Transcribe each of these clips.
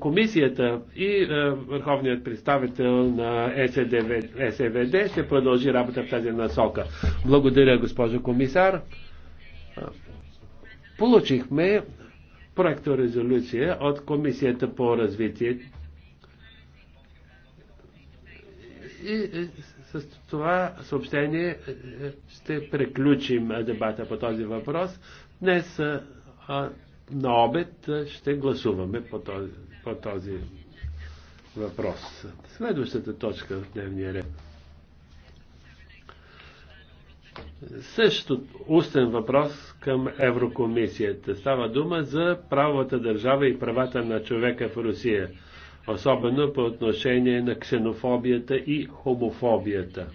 комисията и е, върховният представител на СВД ще продължи работа в тази насока. Благодаря, госпожо комисар. Получихме проекто резолюция от Комисията по развитие. И с това съобщение е, ще преключим дебата по този въпрос. Днес е, на обед ще гласуваме по този, по този въпрос. Следващата точка в дневния ред. Също устен въпрос към Еврокомисията. Става дума за правовата държава и правата на човека в Русия, особено по отношение на ксенофобията и хомофобията.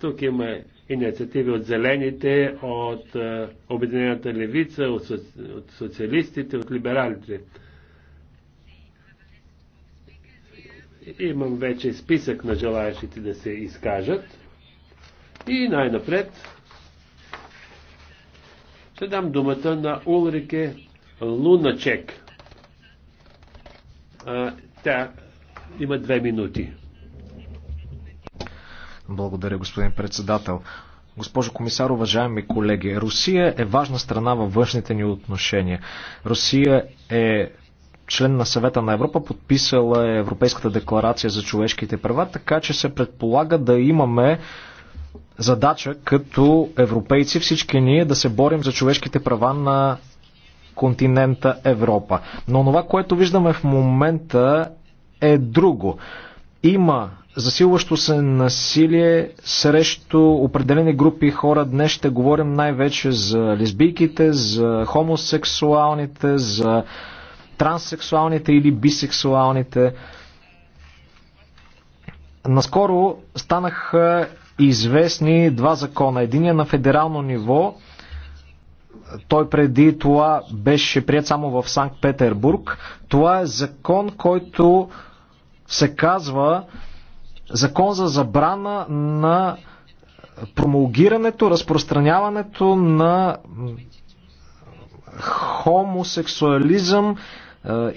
Тук има инициативи от зелените, от е, Обединената левица, от, соци... от социалистите, от либералите. Имам вече списък на желаящите да се изкажат. И най-напред ще дам думата на Улрике Луначек. Тя има две минути. Благодаря, господин председател. Госпожо комисар, уважаеми колеги, Русия е важна страна във външните ни отношения. Русия е член на съвета на Европа, подписала е Европейската декларация за човешките права, така че се предполага да имаме задача като европейци всички ние да се борим за човешките права на континента Европа. Но това, което виждаме в момента е друго. Има засилващо се насилие срещу определени групи хора. Днес ще говорим най-вече за лесбийките, за хомосексуалните, за транссексуалните или бисексуалните. Наскоро станаха известни два закона. Единия на федерално ниво, той преди това беше прият само в Санкт-Петербург. Това е закон, който се казва закон за забрана на промулгирането, разпространяването на хомосексуализъм е,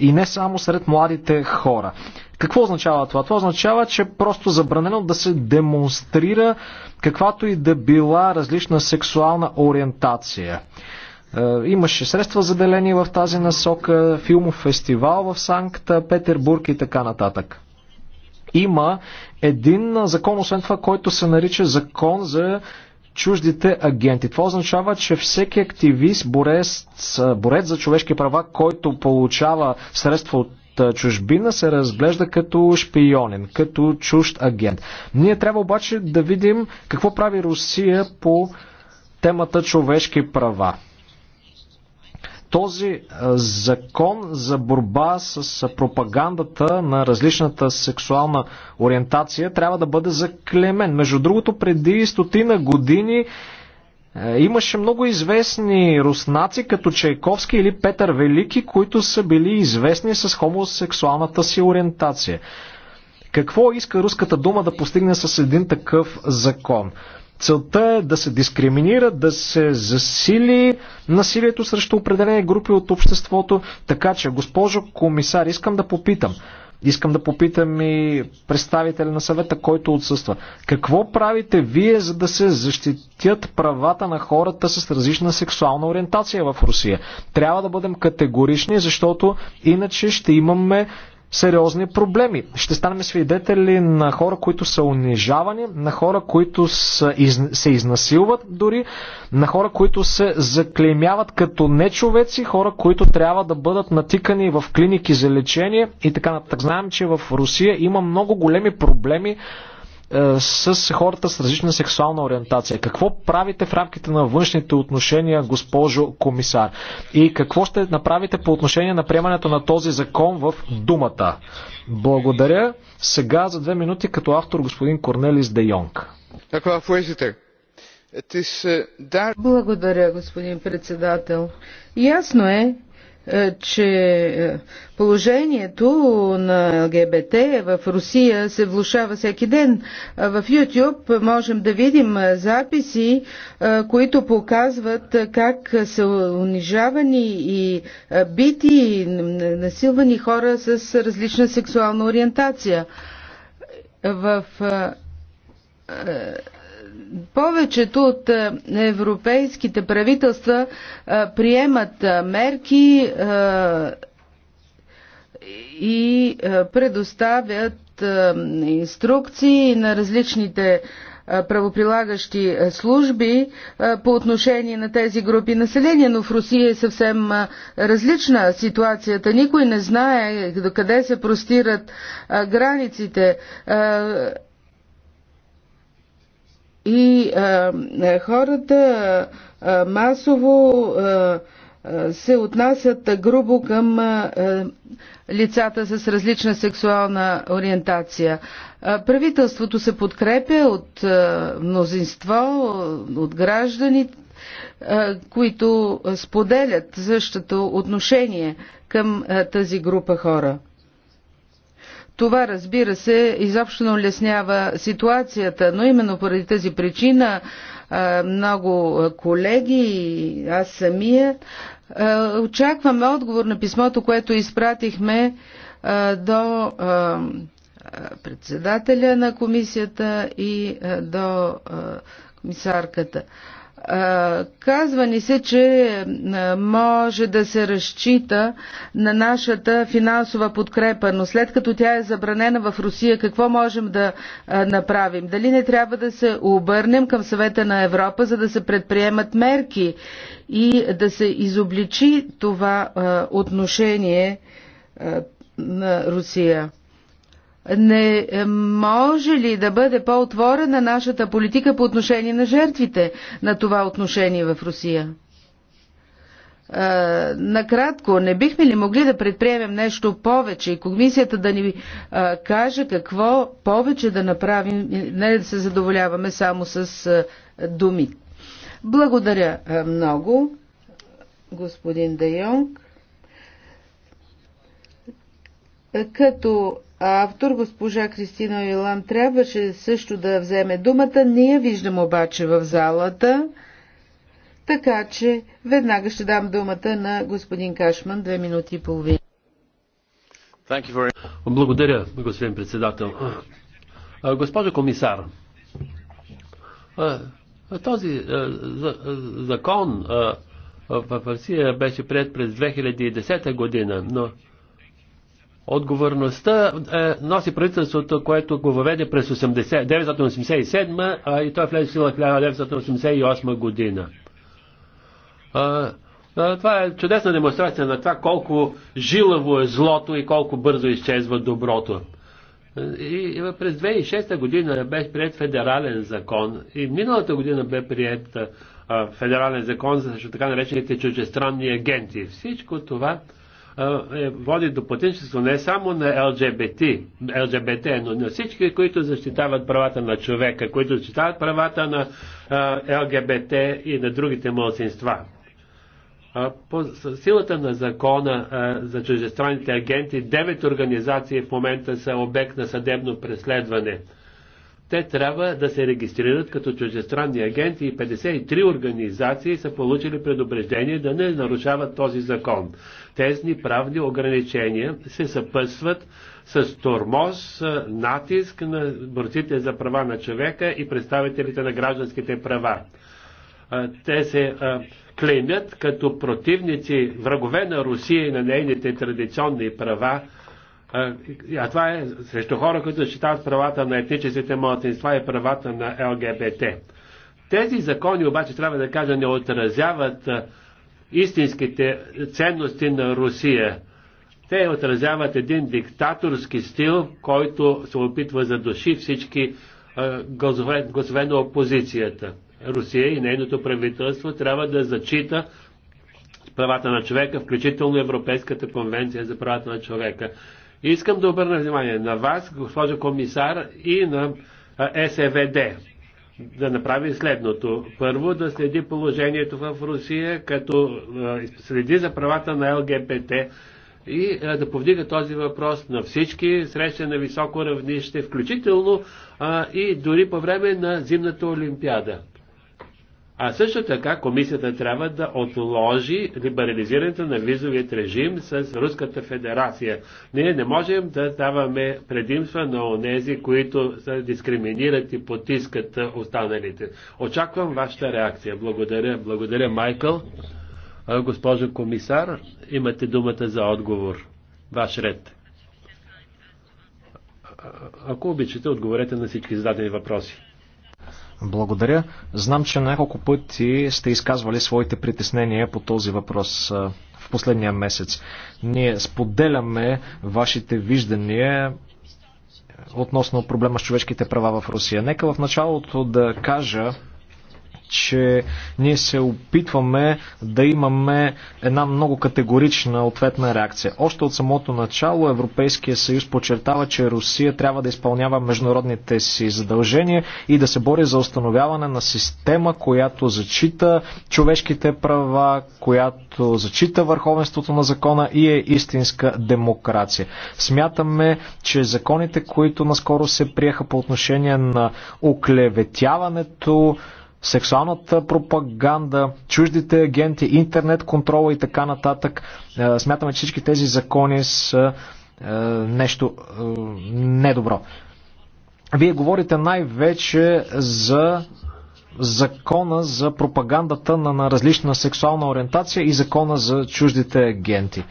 и не само сред младите хора. Какво означава това? Това означава, че просто забранено да се демонстрира каквато и да била различна сексуална ориентация. Е, имаше средства заделени в тази насока, филмов фестивал в Санкт Петербург и така нататък. Има един закон, освен това, който се нарича закон за чуждите агенти. Това означава, че всеки активист, борец, борец за човешки права, който получава средства от чужбина се разглежда като шпионен, като чужд агент. Ние трябва обаче да видим какво прави Русия по темата човешки права този е, закон за борба с е, пропагандата на различната сексуална ориентация трябва да бъде заклемен. Между другото, преди стотина години е, Имаше много известни руснаци, като Чайковски или Петър Велики, които са били известни с хомосексуалната си ориентация. Какво иска руската дума да постигне с един такъв закон? Целта е да се дискриминира, да се засили насилието срещу определени групи от обществото. Така че, госпожо комисар, искам да попитам. Искам да попитам и представителя на съвета, който отсъства. Какво правите вие, за да се защитят правата на хората с различна сексуална ориентация в Русия? Трябва да бъдем категорични, защото иначе ще имаме сериозни проблеми. Ще станем свидетели на хора, които са унижавани, на хора, които са, из, се изнасилват дори, на хора, които се заклеймяват като нечовеци, хора, които трябва да бъдат натикани в клиники за лечение и така нататък. Знаем, че в Русия има много големи проблеми е, с хората с различна сексуална ориентация. Какво правите в рамките на външните отношения, госпожо комисар? И какво ще направите по отношение на приемането на този закон в Думата? Благодаря. Сега за две минути като автор господин Корнелис Де Йонг. Е, Благодаря, господин председател. Ясно е, е, че е, положението на ЛГБТ в Русия се влушава всеки ден. В YouTube можем да видим записи, е, които показват как са унижавани и бити, и насилвани хора с различна сексуална ориентация. В повечето от е, европейските правителства е, приемат е, мерки и предоставят инструкции на различните правоприлагащи служби по отношение на тези групи население, но в Русия е съвсем различна ситуацията. Никой не знае до къде се простират границите и а, хората а, масово а, се отнасят грубо към лицата с различна сексуална ориентация. Правителството се подкрепя от мнозинство, от граждани, които споделят същото отношение към тази група хора. Това, разбира се, изобщо не улеснява ситуацията, но именно поради тази причина много колеги и аз самия очакваме отговор на писмото, което изпратихме до председателя на комисията и до комисарката. Казва ни се, че може да се разчита на нашата финансова подкрепа, но след като тя е забранена в Русия, какво можем да направим? Дали не трябва да се обърнем към съвета на Европа, за да се предприемат мерки и да се изобличи това отношение на Русия? Не е, може ли да бъде по-отворена нашата политика по отношение на жертвите на това отношение в Русия? Е, накратко, не бихме ли могли да предприемем нещо повече и комисията да ни а, е, каже какво повече да направим, не да се задоволяваме само с а, думи. Благодаря а, много, господин Дайонг. Като автор, госпожа Кристина Илан, трябваше също да вземе думата. Не я виждам обаче в залата. Така че веднага ще дам думата на господин Кашман, две минути и половина. Благодаря, господин председател. Госпожо комисар, този закон в Русия беше прият през 2010 година, но Отговорността е, носи правителството, което го въведе през 80, 1987, и той е влезе в сила в 1988 година. А, а, това е чудесна демонстрация на това колко жилаво е злото и колко бързо изчезва доброто. И през 2006 година бе прият федерален закон и миналата година бе прият а, федерален закон за така наречените чужестранни агенти. Всичко това е, води до потенчество не само на ЛГБТ, ЛГБТ, но на всички, които защитават правата на човека, които защитават правата на е, ЛГБТ и на другите младсинства. По силата на закона за чужестранните агенти, девет организации в момента са обект на съдебно преследване – те трябва да се регистрират като чужестранни агенти и 53 организации са получили предупреждение да не нарушават този закон. Тезни правни ограничения се съпъсват с тормоз, натиск на борците за права на човека и представителите на гражданските права. Те се клеймят като противници, врагове на Русия и на нейните традиционни права, а това е срещу хора, които защитават правата на етническите младсинства и правата на ЛГБТ. Тези закони обаче, трябва да кажа, не отразяват истинските ценности на Русия. Те отразяват един диктаторски стил, който се опитва за души всички гласове, на опозицията. Русия и нейното правителство трябва да зачита правата на човека, включително Европейската конвенция за правата на човека. И искам да обърна внимание на вас, госпожо комисар, и на СВД да направи следното. Първо, да следи положението в Русия, като следи за правата на ЛГБТ и да повдига този въпрос на всички срещи на високо равнище, включително и дори по време на зимната олимпиада. А също така комисията трябва да отложи либерализирането на визовият режим с Руската федерация. Ние не можем да даваме предимства на онези, които се дискриминират и потискат останалите. Очаквам вашата реакция. Благодаря, благодаря Майкъл. Госпожо комисар, имате думата за отговор. Ваш ред. Ако обичате, отговорете на всички зададени въпроси. Благодаря. Знам, че няколко пъти сте изказвали своите притеснения по този въпрос в последния месец. Ние споделяме вашите виждания относно проблема с човешките права в Русия. Нека в началото да кажа, че ние се опитваме да имаме една много категорична ответна реакция. Още от самото начало Европейския съюз подчертава, че Русия трябва да изпълнява международните си задължения и да се бори за установяване на система, която зачита човешките права, която зачита върховенството на закона и е истинска демокрация. Смятаме, че законите, които наскоро се приеха по отношение на оклеветяването, сексуалната пропаганда, чуждите агенти, интернет контрола и така нататък. Е, смятаме, че всички тези закони са е, нещо е, недобро. Вие говорите най-вече за закона за пропагандата на, на различна сексуална ориентация и закона за чуждите агенти.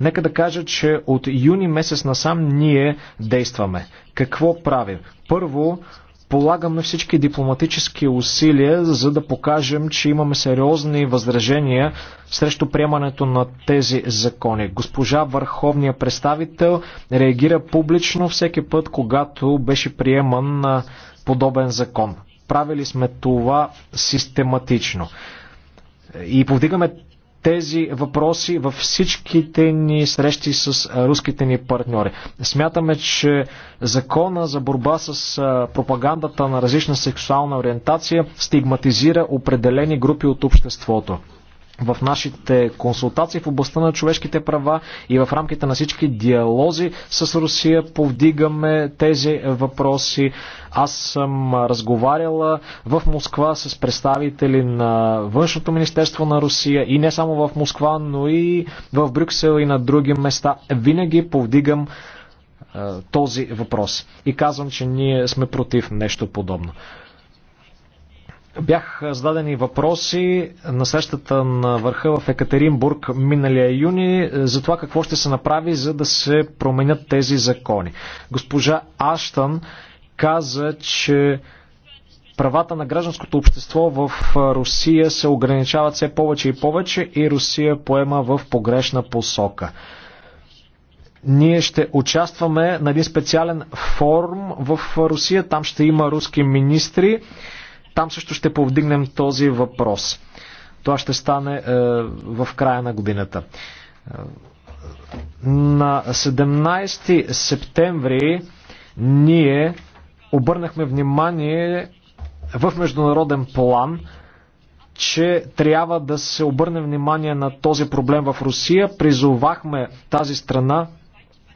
Нека да кажа, че от юни месец насам ние действаме. Какво правим? Първо, на всички дипломатически усилия, за да покажем, че имаме сериозни възражения срещу приемането на тези закони. Госпожа Върховния представител реагира публично всеки път, когато беше приеман подобен закон. Правили сме това систематично. И повдигаме тези въпроси във всичките ни срещи с руските ни партньори. Смятаме, че закона за борба с пропагандата на различна сексуална ориентация стигматизира определени групи от обществото в нашите консултации в областта на човешките права и в рамките на всички диалози с Русия повдигаме тези въпроси. Аз съм разговаряла в Москва с представители на Външното министерство на Русия и не само в Москва, но и в Брюксел и на други места. Винаги повдигам е, този въпрос. И казвам, че ние сме против нещо подобно. Бях зададени въпроси на срещата на върха в Екатеринбург миналия юни за това какво ще се направи, за да се променят тези закони. Госпожа Аштан каза, че правата на гражданското общество в Русия се ограничават все повече и повече и Русия поема в погрешна посока. Ние ще участваме на един специален форум в Русия. Там ще има руски министри там също ще повдигнем този въпрос. Това ще стане е, в края на годината. Е, на 17 септември ние обърнахме внимание в международен план, че трябва да се обърне внимание на този проблем в Русия. Призовахме тази страна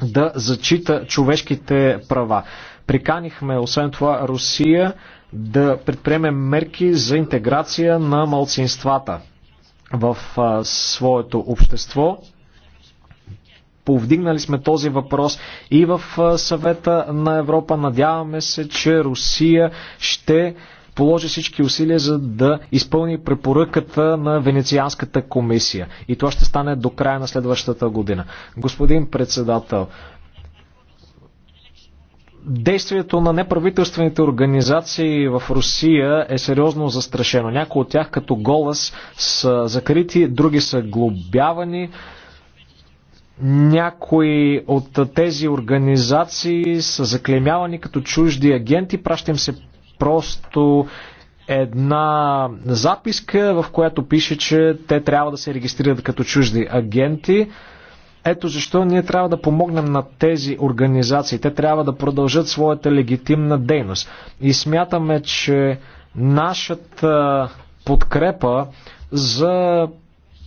да зачита човешките права. Приканихме, освен това, Русия да предприеме мерки за интеграция на малцинствата в а, своето общество. Повдигнали сме този въпрос и в а, съвета на Европа. Надяваме се, че Русия ще положи всички усилия за да изпълни препоръката на Венецианската комисия. И това ще стане до края на следващата година. Господин председател, действието на неправителствените организации в Русия е сериозно застрашено. Някои от тях като голос са закрити, други са глобявани. Някои от тези организации са заклемявани като чужди агенти. Пращам се просто една записка, в която пише, че те трябва да се регистрират като чужди агенти. Ето защо ние трябва да помогнем на тези организации. Те трябва да продължат своята легитимна дейност. И смятаме, че нашата подкрепа за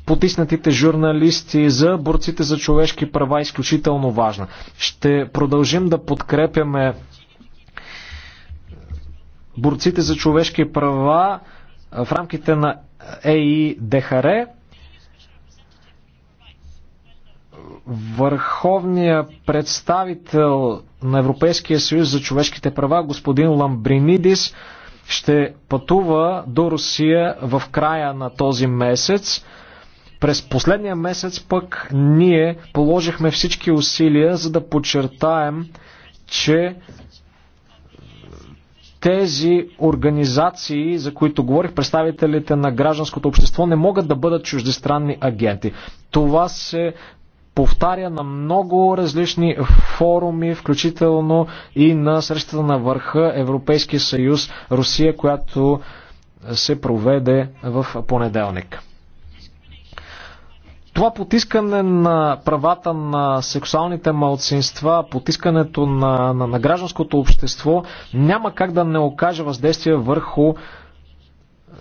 потиснатите журналисти, за борците за човешки права е изключително важна. Ще продължим да подкрепяме борците за човешки права в рамките на ЕИ Дехаре върховния представител на Европейския съюз за човешките права, господин Ламбринидис, ще пътува до Русия в края на този месец. През последния месец пък ние положихме всички усилия, за да подчертаем, че тези организации, за които говорих, представителите на гражданското общество, не могат да бъдат чуждестранни агенти. Това се повтаря на много различни форуми, включително и на срещата на върха Европейския съюз Русия, която се проведе в понеделник. Това потискане на правата на сексуалните малцинства, потискането на, на, на гражданското общество няма как да не окаже въздействие върху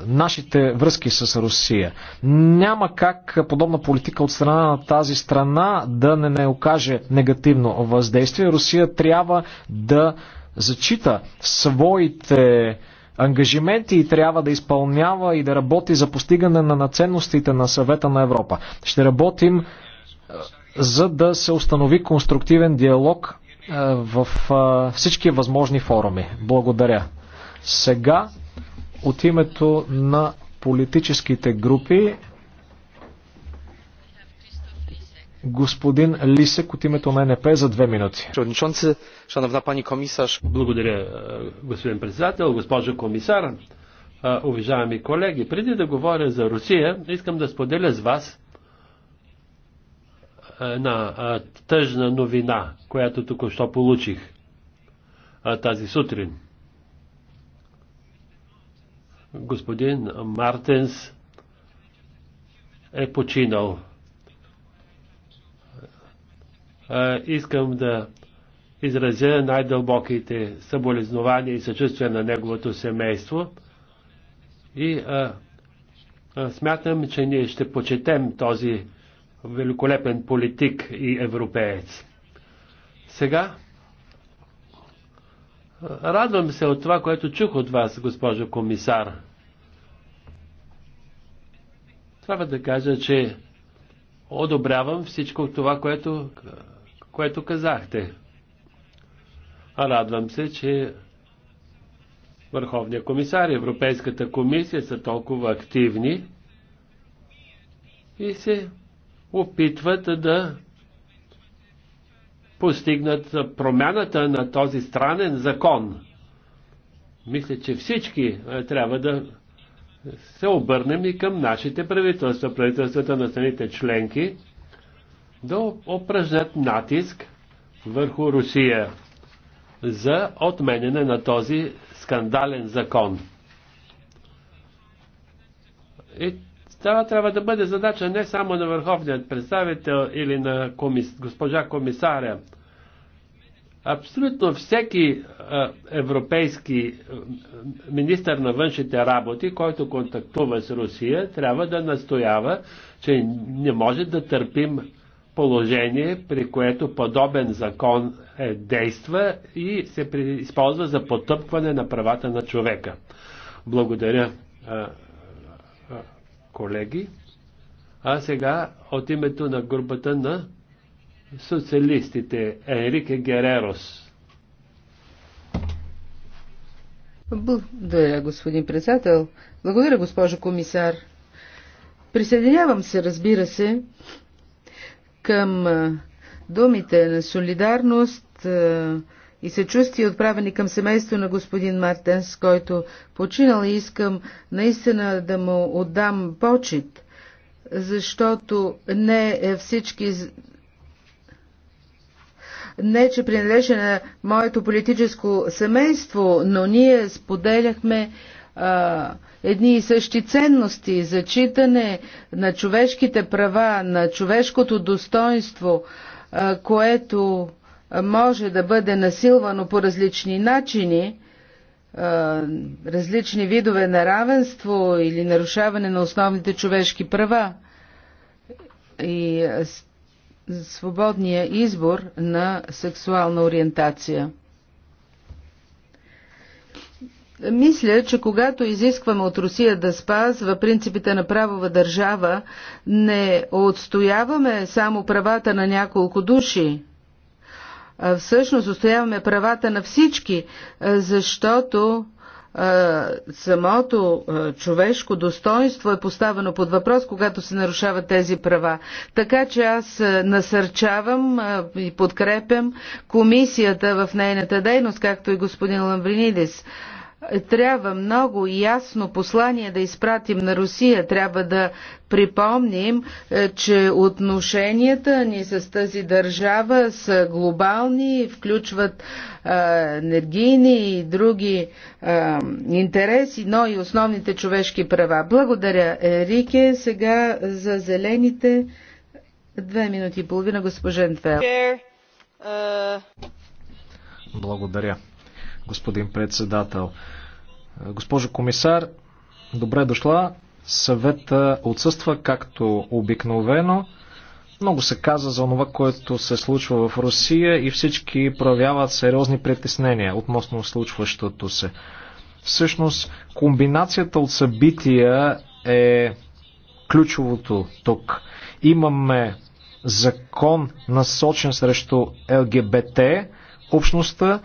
нашите връзки с Русия. Няма как подобна политика от страна на тази страна да не, не окаже негативно въздействие. Русия трябва да зачита своите ангажименти и трябва да изпълнява и да работи за постигане на наценностите на съвета на Европа. Ще работим е, за да се установи конструктивен диалог е, в е, всички възможни форуми. Благодаря. Сега от името на политическите групи господин Лисек от името на НП за две минути. Благодаря, е, господин председател, госпожо комисар, е, уважаеми колеги. Преди да говоря за Русия, искам да споделя с вас е, една тъжна новина, която току-що получих тази сутрин господин Мартенс е починал. Искам да изразя най-дълбоките съболезнования и съчувствия на неговото семейство и а, а, смятам, че ние ще почетем този великолепен политик и европеец. Сега Радвам се от това, което чух от вас, госпожо комисар. Трябва да кажа, че одобрявам всичко това, което, което казахте. А радвам се, че Върховния комисар и Европейската комисия са толкова активни и се опитват да постигнат промяната на този странен закон. Мисля, че всички е, трябва да се обърнем и към нашите правителства, правителствата на страните членки, да упражнят натиск върху Русия за отменене на този скандален закон. И това трябва да бъде задача не само на върховният представител или на комис... госпожа комисаря. Абсолютно всеки европейски министър на външните работи, който контактува с Русия, трябва да настоява, че не може да търпим положение, при което подобен закон е, действа и се използва за потъпкване на правата на човека. Благодаря колеги. А сега от името на групата на социалистите Енрике Герерос. Благодаря, господин председател. Благодаря, госпожо комисар. Присъединявам се, разбира се, към думите на солидарност, и съчувствие отправени към семейство на господин Мартенс, който починал и искам наистина да му отдам почет, защото не е всички не, че принадлежа на моето политическо семейство, но ние споделяхме а, едни и същи ценности, за читане на човешките права, на човешкото достоинство, а, което може да бъде насилвано по различни начини, различни видове на равенство или нарушаване на основните човешки права и свободния избор на сексуална ориентация. Мисля, че когато изискваме от Русия да спазва принципите на правова държава, не отстояваме само правата на няколко души, всъщност устояваме правата на всички, защото самото човешко достоинство е поставено под въпрос, когато се нарушават тези права. Така че аз насърчавам и подкрепям комисията в нейната дейност, както и господин Ламбринидис. Трябва много ясно послание да изпратим на Русия. Трябва да припомним, е, че отношенията ни с тази държава са глобални, включват е, енергийни и други е, интереси, но и основните човешки права. Благодаря, Рике. Сега за зелените две минути и половина, госпожен Фел. Благодаря господин председател. Госпожо комисар, добре дошла. Съвета отсъства, както обикновено. Много се каза за това, което се случва в Русия и всички проявяват сериозни притеснения относно случващото се. Всъщност, комбинацията от събития е ключовото тук. Имаме закон насочен срещу ЛГБТ общността,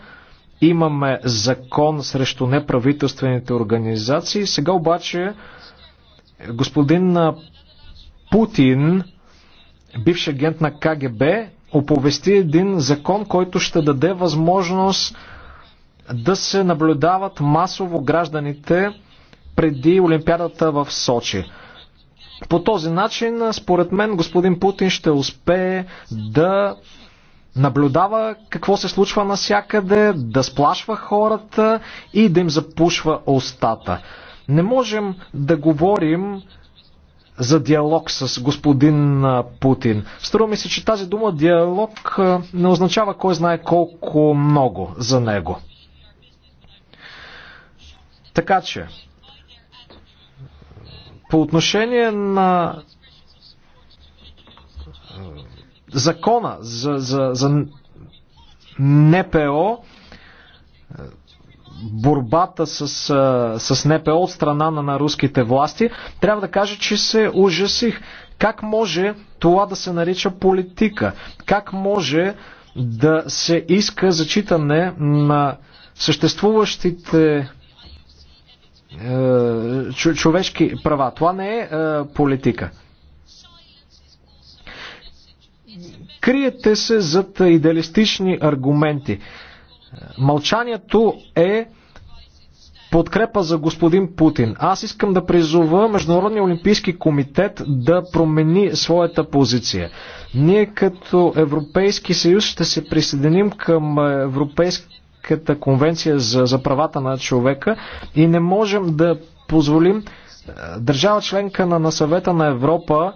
имаме закон срещу неправителствените организации. Сега обаче господин Путин, бивш агент на КГБ, оповести един закон, който ще даде възможност да се наблюдават масово гражданите преди Олимпиадата в Сочи. По този начин, според мен, господин Путин ще успее да наблюдава какво се случва насякъде, да сплашва хората и да им запушва устата. Не можем да говорим за диалог с господин Путин. Струва ми се, че тази дума диалог не означава кой знае колко много за него. Така че, по отношение на закона за, за, за НПО, борбата с, с НПО от страна на, на руските власти, трябва да кажа, че се ужасих. Как може това да се нарича политика? Как може да се иска зачитане на съществуващите е, човешки права? Това не е, е политика. Криете се зад идеалистични аргументи. Мълчанието е подкрепа за господин Путин. Аз искам да призова Международния олимпийски комитет да промени своята позиция. Ние като Европейски съюз ще се присъединим към Европейската конвенция за, за правата на човека и не можем да позволим е, държава членка на, на съвета на Европа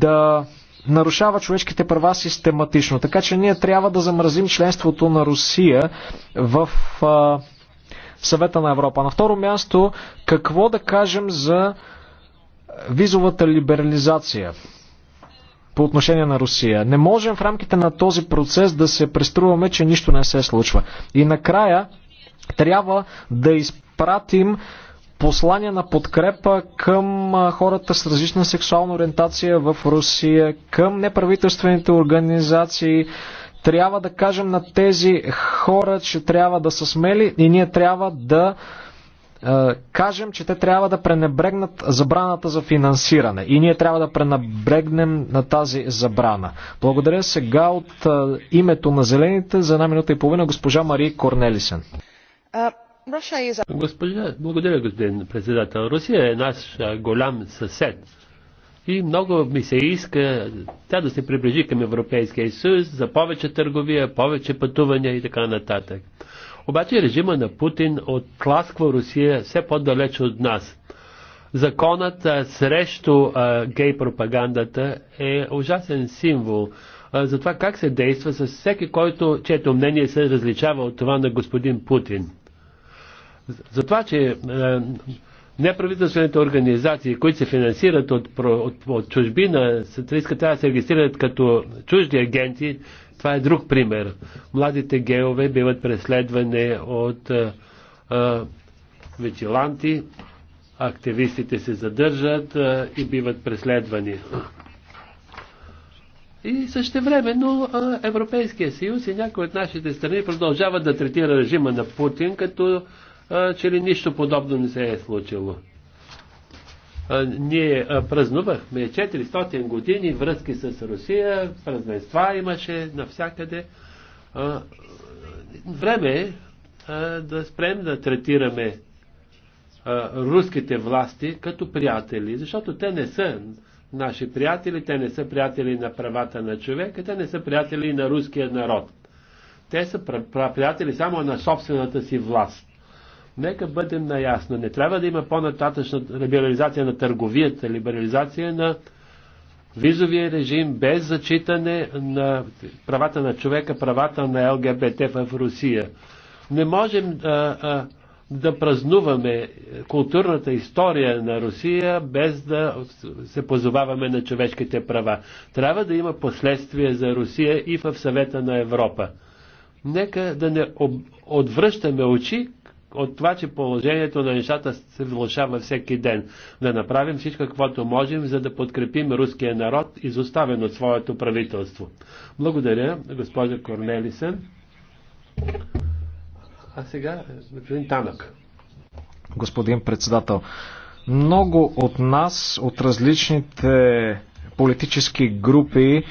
да нарушава човешките права систематично. Така че ние трябва да замразим членството на Русия в а, съвета на Европа. На второ място, какво да кажем за визовата либерализация по отношение на Русия? Не можем в рамките на този процес да се преструваме, че нищо не се случва. И накрая трябва да изпратим послание на подкрепа към хората с различна сексуална ориентация в Русия, към неправителствените организации. Трябва да кажем на тези хора, че трябва да са смели и ние трябва да кажем, че те трябва да пренебрегнат забраната за финансиране. И ние трябва да пренебрегнем на тази забрана. Благодаря сега от името на Зелените за една минута и половина госпожа Мария Корнелисен. Госпожа, благодаря, господин председател. Русия е наш голям съсед. И много ми се иска тя да се приближи към Европейския съюз за повече търговия, повече пътувания и така нататък. Обаче режима на Путин отласква Русия все по-далеч от нас. Законът а, срещу а, гей пропагандата е ужасен символ а, за това как се действа с всеки, който, чето мнение се различава от това на господин Путин за това, че е, неправителствените организации, които се финансират от, от, от чужбина, риска трябва да се регистрират като чужди агенти, това е друг пример. Младите геове биват преследвани от а, е, а, е, вечеланти, активистите се задържат а, и биват преследвани. И също но Европейския съюз и някои от нашите страни продължават да третира режима на Путин като че ли нищо подобно не се е случило. Ние празнувахме 400 години връзки с Русия, празненства имаше навсякъде. Време е да спрем да третираме руските власти като приятели, защото те не са наши приятели, те не са приятели на правата на човека, те не са приятели на руския народ. Те са приятели само на собствената си власт. Нека бъдем наясно. Не трябва да има по-нататъчна либерализация на търговията, либерализация на визовия режим без зачитане на правата на човека, правата на ЛГБТ в Русия. Не можем а, а, да празнуваме културната история на Русия без да се позоваваме на човешките права. Трябва да има последствия за Русия и в съвета на Европа. Нека да не отвръщаме очи от това, че положението на нещата се влушава всеки ден. Да направим всичко, каквото можем, за да подкрепим руския народ, изоставен от своето правителство. Благодаря, госпожа Корнелисен. А сега, господин Танък. Господин председател, много от нас, от различните политически групи,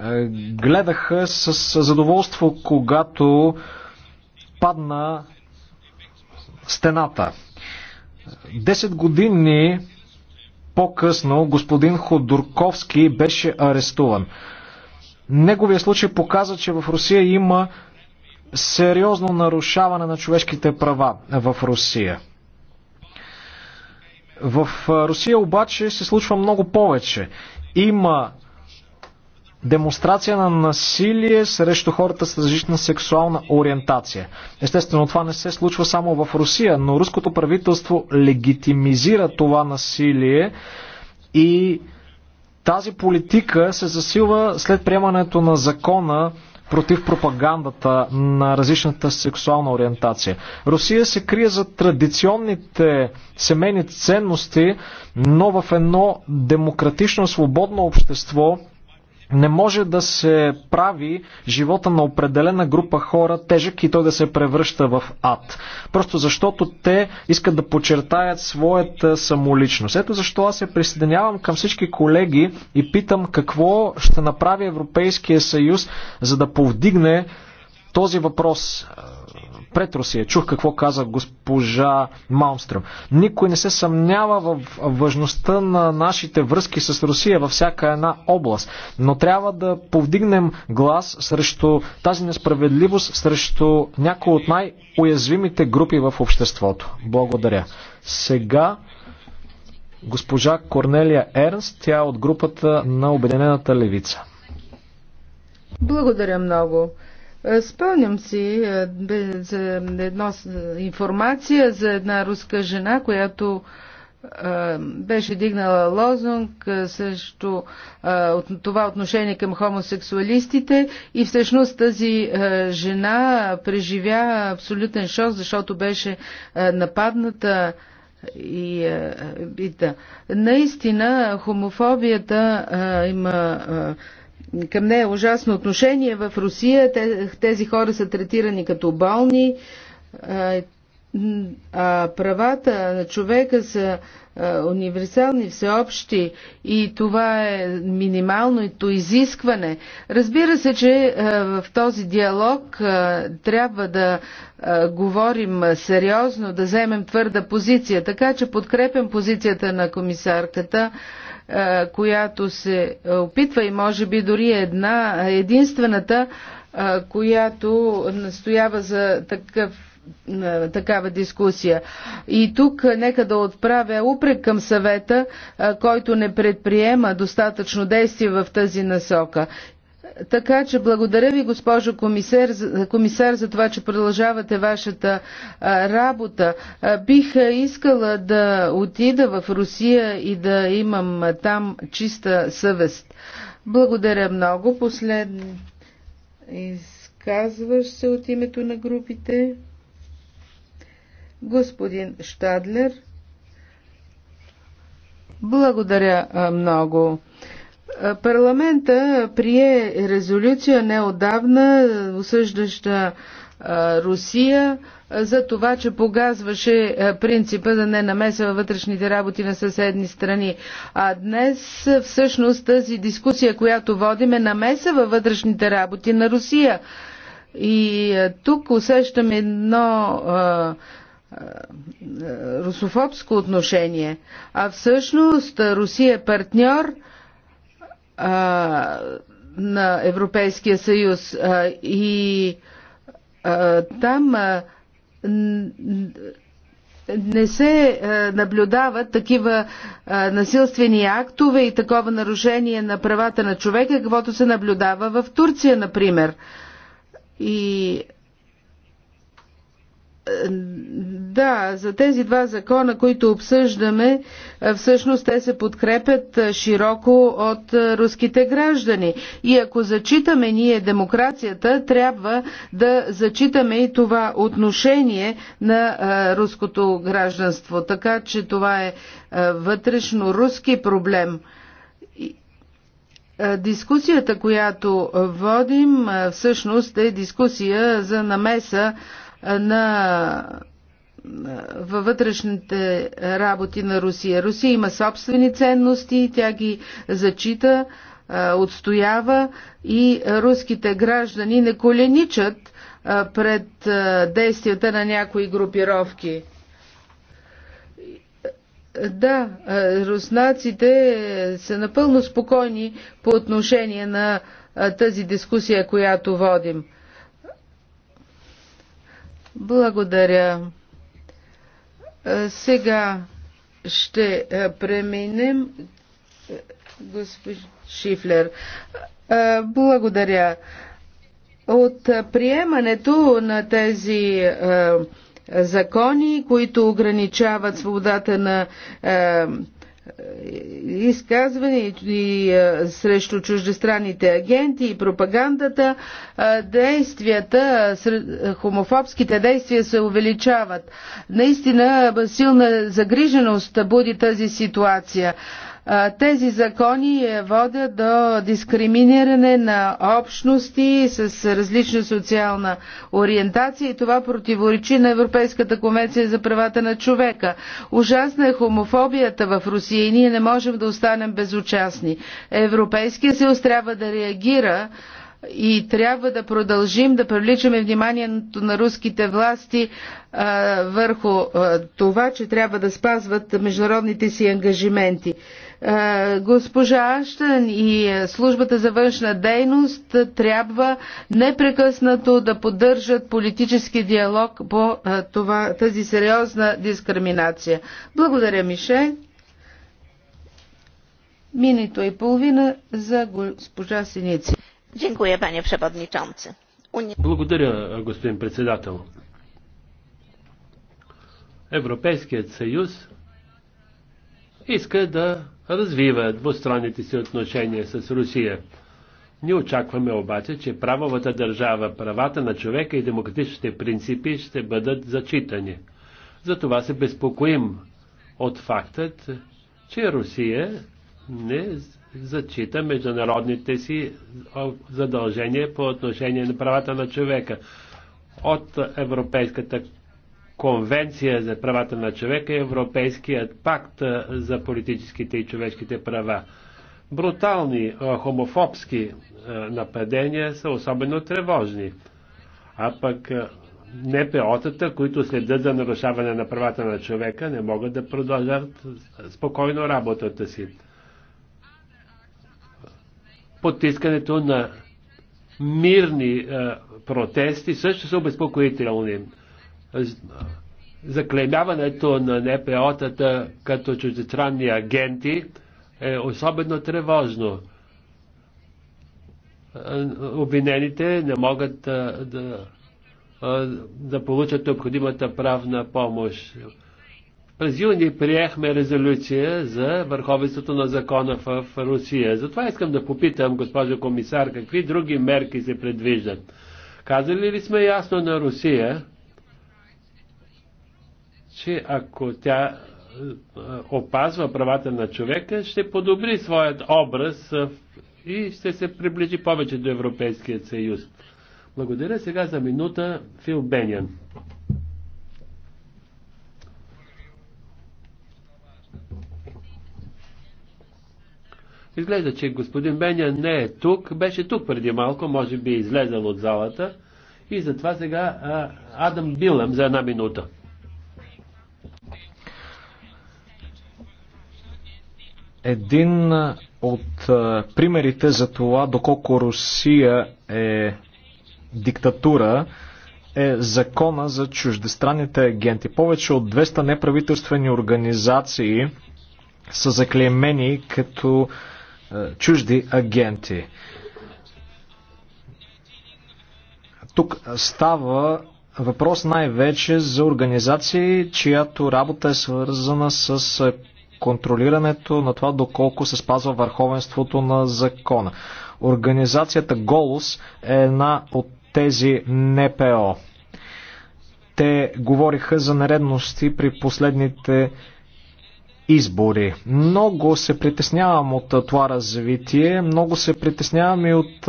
е, гледаха с задоволство, когато падна стената. Десет години по-късно господин Ходорковски беше арестуван. Неговия случай показа, че в Русия има сериозно нарушаване на човешките права в Русия. В Русия обаче се случва много повече. Има демонстрация на насилие срещу хората с различна сексуална ориентация. Естествено, това не се случва само в Русия, но руското правителство легитимизира това насилие и тази политика се засилва след приемането на закона против пропагандата на различната сексуална ориентация. Русия се крие за традиционните семейни ценности, но в едно демократично, свободно общество не може да се прави живота на определена група хора тежък и той да се превръща в ад. Просто защото те искат да подчертаят своята самоличност. Ето защо аз се присъединявам към всички колеги и питам какво ще направи Европейския съюз, за да повдигне този въпрос пред Русия. Чух какво каза госпожа Малмстрем. Никой не се съмнява в важността на нашите връзки с Русия във всяка една област. Но трябва да повдигнем глас срещу тази несправедливост, срещу някои от най-уязвимите групи в обществото. Благодаря. Сега госпожа Корнелия Ернст, тя е от групата на Обединената левица. Благодаря много. Е, спомням си е, за една информация за една руска жена, която е, беше дигнала лозунг също от това отношение към хомосексуалистите и всъщност тази жена преживя абсолютен шок, защото беше нападната и и Да. Наистина хомофобията има към нея е ужасно отношение в Русия. Тези хора са третирани като болни. А правата на човека са универсални, всеобщи и това е минималното изискване. Разбира се, че в този диалог трябва да говорим сериозно, да вземем твърда позиция, така че подкрепям позицията на комисарката е, която се опитва и може би дори една единствената, е, която настоява за такъв е, такава дискусия. И тук нека да отправя упрек към съвета, който не предприема достатъчно действие в тази насока. Така че благодаря ви, госпожо комисар, комисар за това, че продължавате вашата а, работа. А, бих искала да отида в Русия и да имам а, там чиста съвест. Благодаря много. Последно изказваш се от името на групите. Господин Штадлер. Благодаря много. Парламента прие резолюция неодавна, осъждаща Русия за това, че погазваше принципа да не намеса във вътрешните работи на съседни страни. А днес всъщност тази дискусия, която водим е намеса във вътрешните работи на Русия. И тук усещам едно а, русофобско отношение. А всъщност Русия е партньор а, на Европейския съюз а, и а, там а, не се наблюдават такива насилствени актове и такова нарушение на правата на човека, каквото се наблюдава в Турция, например. И е, да, за тези два закона, които обсъждаме, е, всъщност те се подкрепят е, широко от руските граждани. И ако зачитаме ние демокрацията, трябва да зачитаме и това отношение на руското гражданство. Така че това е вътрешно руски проблем. Дискусията, която водим, всъщност е дискусия за намеса на във вътрешните работи на Русия. Русия има собствени ценности, тя ги зачита, отстоява и руските граждани не коленичат пред действията на някои групировки. Да, руснаците са напълно спокойни по отношение на тази дискусия, която водим. Благодаря. Сега ще преминем. Господин Шифлер, благодаря. От приемането на тези закони, които ограничават свободата на е, изказване и е, срещу чуждестранните агенти и пропагандата, е, действията, хомофобските действия се увеличават. Наистина силна загриженост буди тази ситуация. Тези закони водят до дискриминиране на общности с различна социална ориентация и това противоречи на Европейската конвенция за правата на човека. Ужасна е хомофобията в Русия и ние не можем да останем безучастни. Европейския съюз трябва да реагира и трябва да продължим да привличаме вниманието на руските власти а, върху а, това, че трябва да спазват международните си ангажименти. Е, госпожа Аштън и службата за външна дейност трябва непрекъснато да поддържат политически диалог по е, това, тази сериозна дискриминация. Благодаря, Мише. Минито и половина за госпожа Синици. Благодаря, господин председател. Европейският съюз иска да развива двустранните си отношения с Русия. Ние очакваме обаче, че правовата държава, правата на човека и демократичните принципи ще бъдат зачитани. Затова се безпокоим от фактът, че Русия не зачита международните си задължения по отношение на правата на човека. От Европейската конвенция за правата на човека и Европейският пакт за политическите и човешките права. Брутални хомофобски нападения са особено тревожни. А пък НПО-тата, които следят за нарушаване на правата на човека, не могат да продължат спокойно работата си. Потискането на мирни протести също са обезпокоителни заклемяването на НПО-тата като чуждестранни агенти е особено тревожно. Обвинените не могат да, да получат необходимата правна помощ. През юни приехме резолюция за върховенството на закона в Русия. Затова искам да попитам, госпожо комисар, какви други мерки се предвиждат. Казали ли сме ясно на Русия, че ако тя е, опазва правата на човека, ще подобри своят образ е, и ще се приближи повече до Европейския съюз. Благодаря сега за минута Фил Бенян. Изглежда, че господин Бенян не е тук. Беше тук преди малко, може би е излезъл от залата. И затова сега а, Адам Билъм за една минута. един от примерите за това доколко Русия е диктатура е закона за чуждестранните агенти. Повече от 200 неправителствени организации са заклеймени като чужди агенти. Тук става въпрос най-вече за организации, чиято работа е свързана с контролирането на това доколко се спазва върховенството на закона. Организацията Голос е една от тези НПО. Те говориха за нередности при последните избори. Много се притеснявам от това развитие, много се притеснявам и от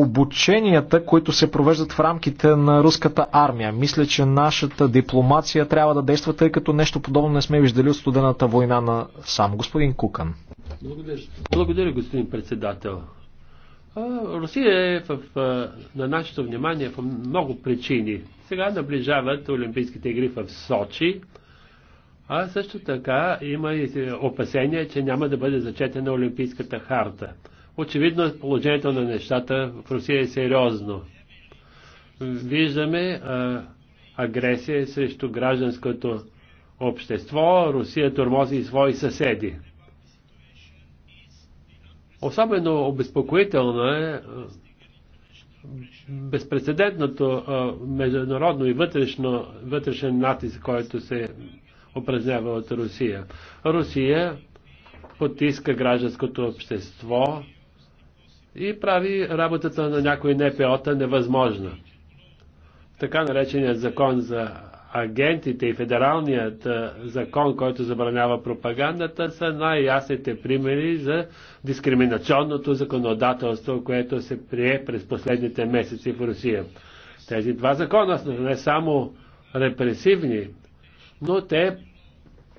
обученията, които се провеждат в рамките на руската армия. Мисля, че нашата дипломация трябва да действа, тъй като нещо подобно не сме виждали от студената война на сам господин Кукан. Благодаря, Благодаря господин председател. Русия е в, на нашето внимание по много причини. Сега наближават Олимпийските игри в Сочи, а също така има и опасения, че няма да бъде зачетена Олимпийската харта. Очевидно положението на нещата в Русия е сериозно. Виждаме а, агресия срещу гражданското общество. Русия тормози и свои съседи. Особено обезпокоително е безпредседентното международно и вътрешно, вътрешен натиск, който се упражнява от Русия. Русия потиска гражданското общество, и прави работата на някои НПО-та невъзможна. Така нареченият закон за агентите и федералният закон, който забранява пропагандата, са най-ясните примери за дискриминационното законодателство, което се прие през последните месеци в Русия. Тези два закона са не само репресивни, но те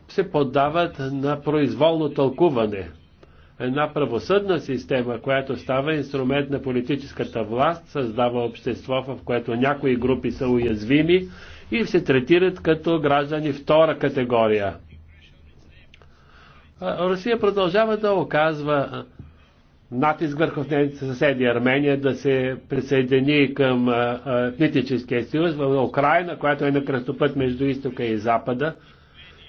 се поддават на произволно тълкуване. Една правосъдна система, която става инструмент на политическата власт, създава общество, в което някои групи са уязвими и се третират като граждани втора категория. Русия продължава да оказва натиск върху нейните съседи Армения да се присъедини към етническия съюз в Украина, която е на кръстопът между изтока и запада,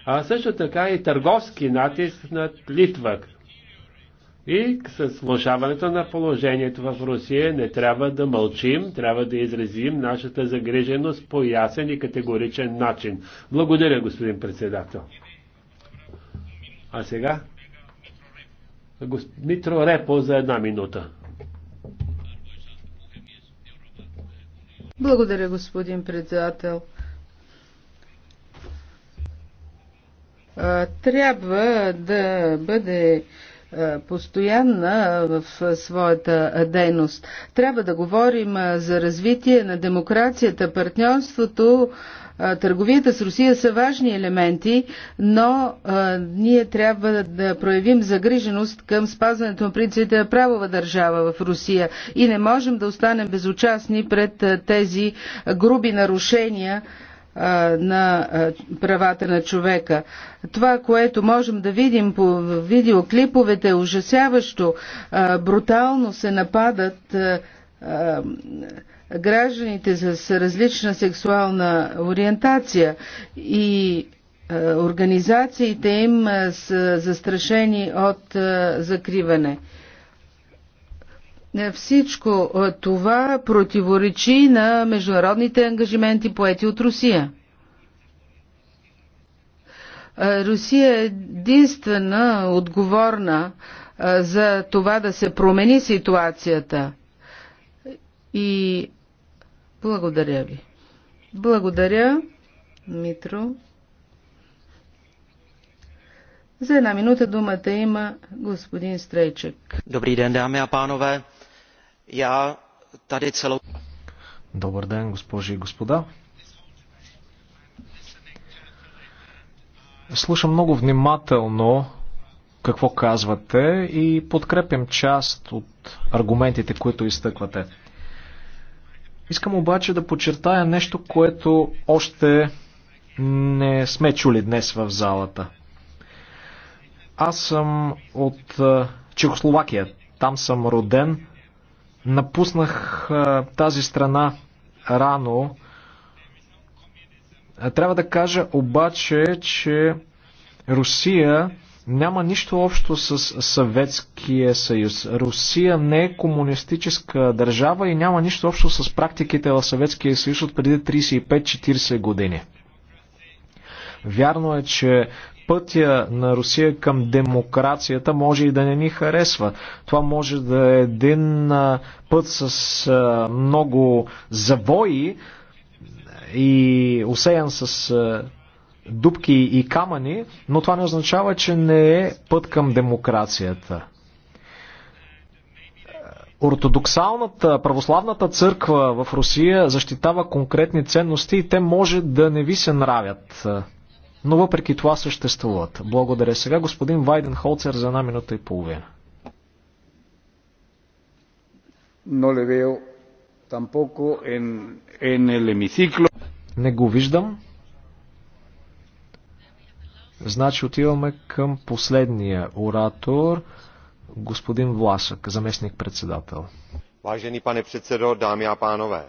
а също така и търговски натиск над Литва, и с влушаването на положението в Русия не трябва да мълчим, трябва да изразим нашата загриженост по ясен и категоричен начин. Благодаря, господин председател. А сега? Митро Репо за една минута. Благодаря, господин председател. Трябва да бъде е, постоянна в своята дейност. Трябва да говорим е, за развитие на демокрацията, партньорството, е, търговията с Русия са важни елементи, но а, ние трябва да проявим загриженост към спазването на принципите на правова държава в Русия и не можем да останем безучастни пред тези груби нарушения на правата на човека. Това, което можем да видим по видеоклиповете, е ужасяващо. Брутално се нападат гражданите с различна сексуална ориентация и организациите им са застрашени от закриване. Е, всичко е, това противоречи на международните ангажименти поети от Русия. Е, Русия е единствена отговорна за това да се промени ситуацията. И благодаря ви. Благодаря, Митро. За една минута думата има господин Стрейчек. Добри ден, дами и pánové. Já tady celou... Добър ден, госпожи и господа. Слушам много внимателно какво казвате и подкрепям част от аргументите, които изтъквате. Искам обаче да подчертая нещо, което още не сме чули днес в залата. Аз съм от Чехословакия. Там съм роден. Напуснах тази страна рано. Трябва да кажа обаче, че Русия няма нищо общо с Съветския съюз. Русия не е комунистическа държава и няма нищо общо с практиките в Съветския съюз от преди 35-40 години. Вярно е, че пътя на Русия към демокрацията може и да не ни харесва. Това може да е един път с много завои и усеян с дубки и камъни, но това не означава, че не е път към демокрацията. Ортодоксалната православната църква в Русия защитава конкретни ценности и те може да не ви се нравят но въпреки това съществуват. Благодаря. Сега господин Вайден Холцер за една минута и половина. No le veo tampoco en, en el hemiciclo. Не го виждам. Значи отиваме към последния оратор, господин Власък, заместник председател. Важени пане председо, дами и панове,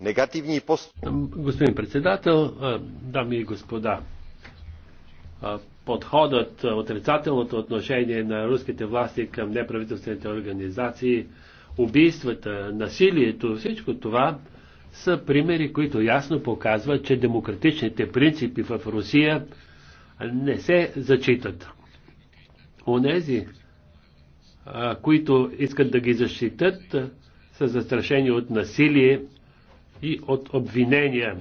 негативни пост... Господин председател, дами и господа, подходът, отрицателното отношение на руските власти към неправителствените организации, убийствата, насилието, всичко това са примери, които ясно показват, че демократичните принципи в Русия не се зачитат. Онези, които искат да ги защитат, са застрашени от насилие и от обвинения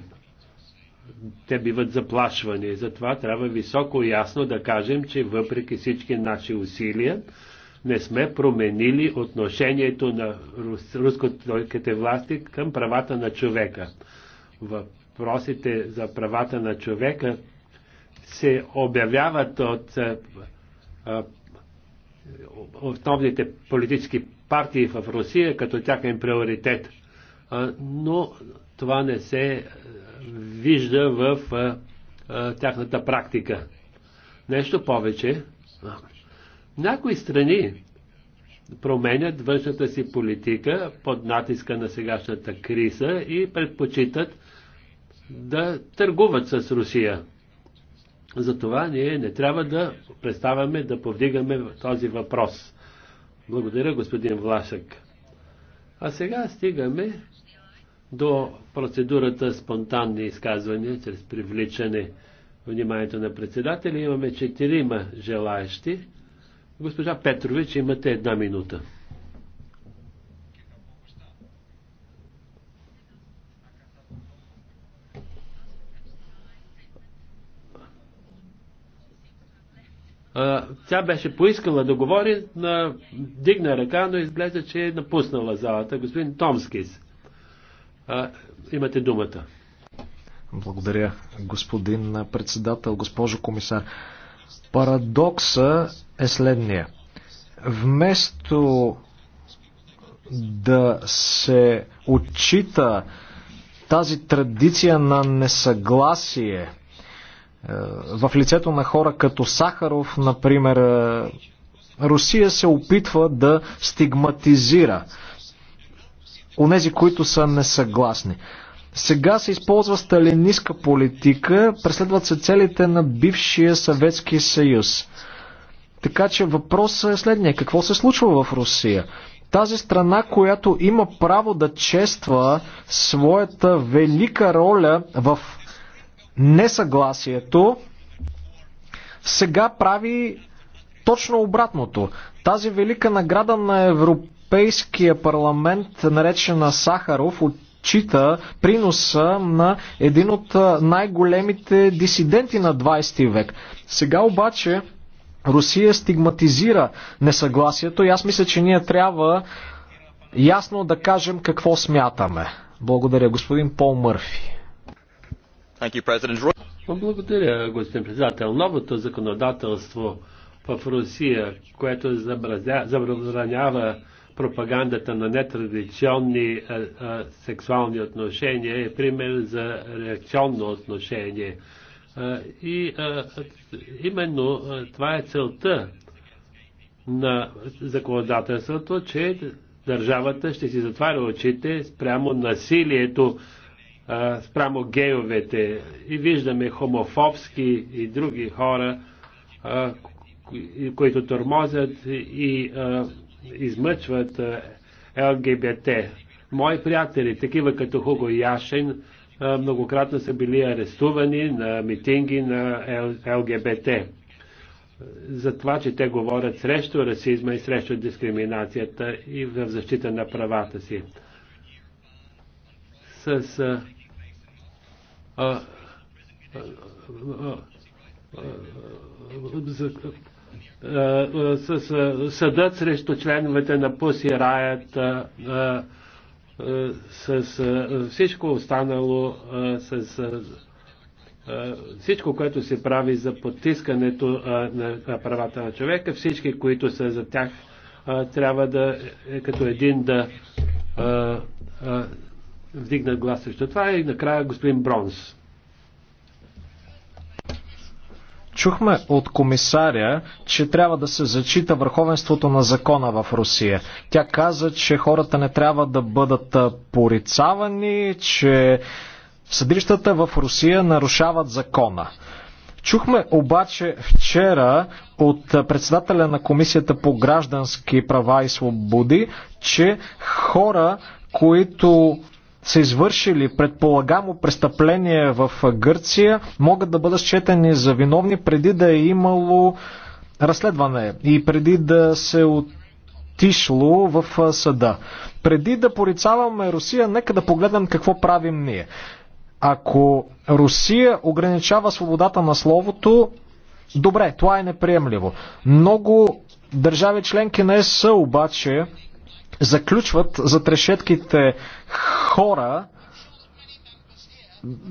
те биват заплашвани. Затова трябва високо ясно да кажем, че въпреки всички наши усилия, не сме променили отношението на руско тройките власти към правата на човека. Въпросите за правата на човека се обявяват от а, е, а, е, основните политически партии в Русия като тяхен приоритет. А, но това не се е, вижда в тяхната практика. Нещо повече. Някои страни променят външната си политика под натиска на сегашната криза и предпочитат да търгуват с Русия. Затова ние не трябва да представяме, да повдигаме този въпрос. Благодаря, господин Влашък. А сега стигаме до процедурата спонтанни изказвания чрез привличане вниманието на председателя. Имаме четирима желаящи. Госпожа Петрович, имате една минута. Тя беше поискала да говори, дигна ръка, но изглежда, че е напуснала залата. Господин Томскис. А, имате думата. Благодаря, господин председател, госпожо комисар. Парадокса е следния. Вместо да се отчита тази традиция на несъгласие е, в лицето на хора като Сахаров, например, е, Русия се опитва да стигматизира онези, които са несъгласни. Сега се използва сталинистка политика, преследват се целите на бившия Съветски съюз. Така че въпросът е следния. Какво се случва в Русия? Тази страна, която има право да чества своята велика роля в несъгласието, сега прави точно обратното. Тази велика награда на Европа Европейския парламент, наречен Сахаров, отчита приноса на един от най-големите дисиденти на 20 век. Сега обаче Русия стигматизира несъгласието и аз мисля, че ние трябва ясно да кажем какво смятаме. Благодаря, господин Пол Мърфи. Благодаря, господин председател. Новото законодателство в Русия, което забранява пропагандата на нетрадиционни а, е, а, е, сексуални отношения е пример за реакционно отношение. А, е, и а, именно а, това е целта на законодателството, че държавата ще си затваря очите спрямо насилието, а, спрямо гейовете. И виждаме хомофобски и други хора, а, които тормозят и а, измъчват ЛГБТ. Мои приятели, такива като Хуго Яшин, многократно са били арестувани на митинги на ЛГБТ за това, че те говорят срещу расизма и срещу дискриминацията и в защита на правата си. С а, а, а, а, а, е, е, с е, съдът срещу членовете на Пуси Раят, с всичко останало, с всичко, което се прави за потискането на правата на човека, всички, които са за тях, трябва да, като един да вдигнат глас срещу това. И накрая господин Бронс. Чухме от комисаря, че трябва да се зачита върховенството на закона в Русия. Тя каза, че хората не трябва да бъдат порицавани, че съдилищата в Русия нарушават закона. Чухме обаче вчера от председателя на Комисията по граждански права и свободи, че хора, които са извършили предполагамо престъпление в Гърция, могат да бъдат счетени за виновни преди да е имало разследване и преди да се отишло в съда. Преди да порицаваме Русия, нека да погледнем какво правим ние. Ако Русия ограничава свободата на словото, добре, това е неприемливо. Много държави членки на ЕС обаче заключват за трешетките хора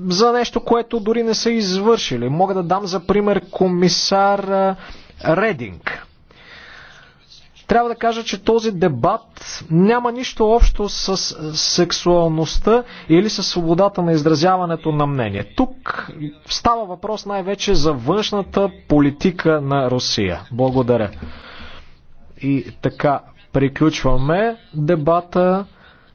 за нещо, което дори не са извършили. Мога да дам за пример комисар Рединг. Трябва да кажа, че този дебат няма нищо общо с сексуалността или с свободата на изразяването на мнение. Тук става въпрос най-вече за външната политика на Русия. Благодаря. И така, Приключваме дебата.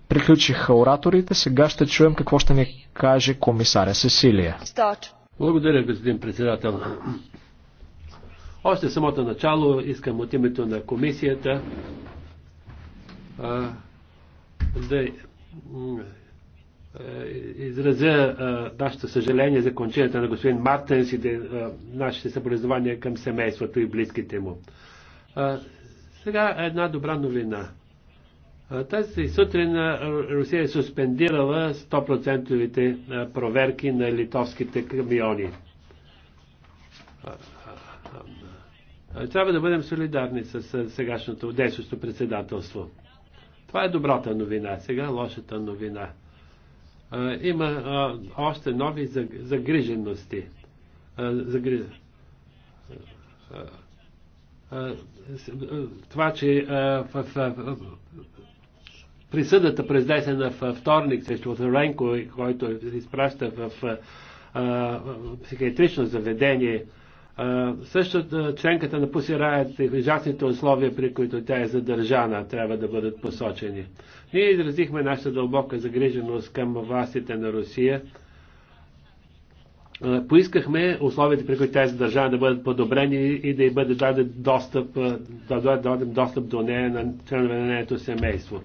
Приключиха ораторите. Сега ще чуем какво ще ни каже комисаря Сесилия. Старт. Благодаря, господин председател. Още самото начало искам от името на комисията а, да е, изразя а, нашето съжаление за кончината на господин Мартенс и да, а, нашите съболезнования към семейството и близките му. А, сега една добра новина. Тази сутрин Русия е суспендирала 100% проверки на литовските камиони. Трябва да бъдем солидарни с сегашното действащо председателство. Това е добрата новина, сега лошата новина. Има още нови загрижености това, че в присъдата произнесена в вторник срещу Оторенко, който изпраща в психиатрично заведение, също членката на Пусираят и ужасните условия, при които тя е задържана, трябва да бъдат посочени. Ние изразихме нашата дълбока загриженост към властите на Русия Поискахме условията, при които тази държава да бъдат подобрени и да й бъде даден достъп, да даден достъп до нея на членове на нейното семейство.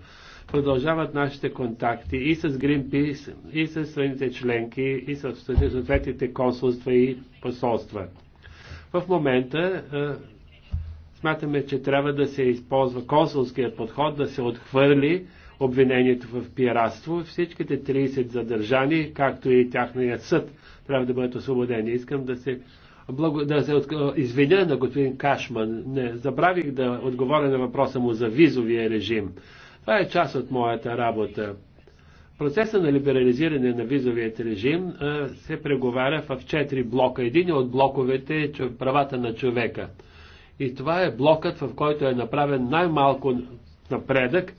Продължават нашите контакти и с Greenpeace, и с страните членки, и с съответните консулства и посолства. В момента смятаме, че трябва да се използва консулския подход, да се отхвърли обвинението в пиратство. Всичките 30 задържани, както и тяхният съд, трябва да бъдат освободени. Искам да се, благо... да се от... извиня на господин Кашман. Не, забравих да отговоря на въпроса му за визовия режим. Това е част от моята работа. Процесът на либерализиране на визовият режим се преговаря в четири блока. Един от блоковете е правата на човека. И това е блокът, в който е направен най-малко напредък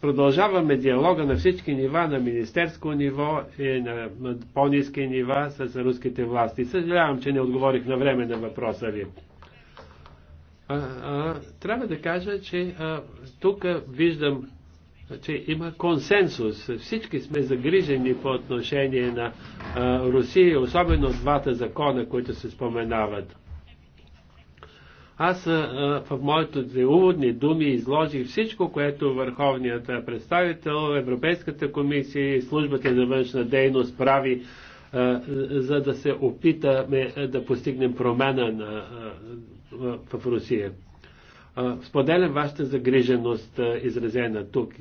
Продължаваме диалога на всички нива, на министерско ниво и на, по-низки нива с руските власти. Съжалявам, че не отговорих на време на въпроса ви. А, а, трябва да кажа, че а, тук виждам, че има консенсус. Всички сме загрижени по отношение на а, Русия, особено двата закона, които се споменават. Аз а, в моето уводни думи изложих всичко, което върховният представител, Европейската комисия и службата за външна дейност прави, а, за да се опитаме да постигнем промена на, а, в Русия. Споделям вашата загриженост, изразена тук.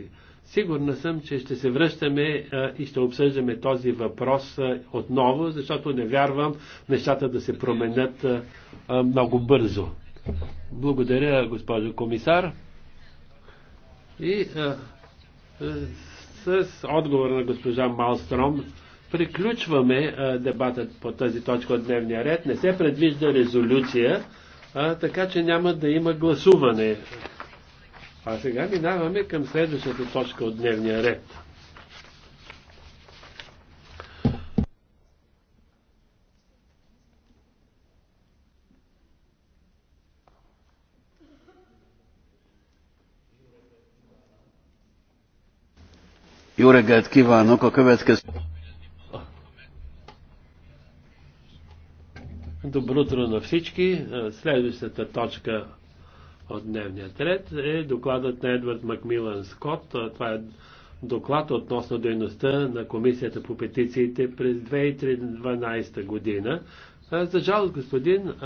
Сигурна съм, че ще се връщаме и ще обсъждаме този въпрос отново, защото не вярвам нещата да се променят много бързо. Благодаря, госпожо комисар. И а, с отговор на госпожа Малстром приключваме а, дебатът по тази точка от дневния ред. Не се предвижда резолюция, а, така че няма да има гласуване. А сега минаваме към следващата точка от дневния ред. Jó reggelt kívánok! A következő... Добро утро на всички! Следващата точка от дневния ред е докладът на Едвард Макмилан Скот. Това е доклад относно дейността на Комисията по петициите през 2012 година. За жалост, господин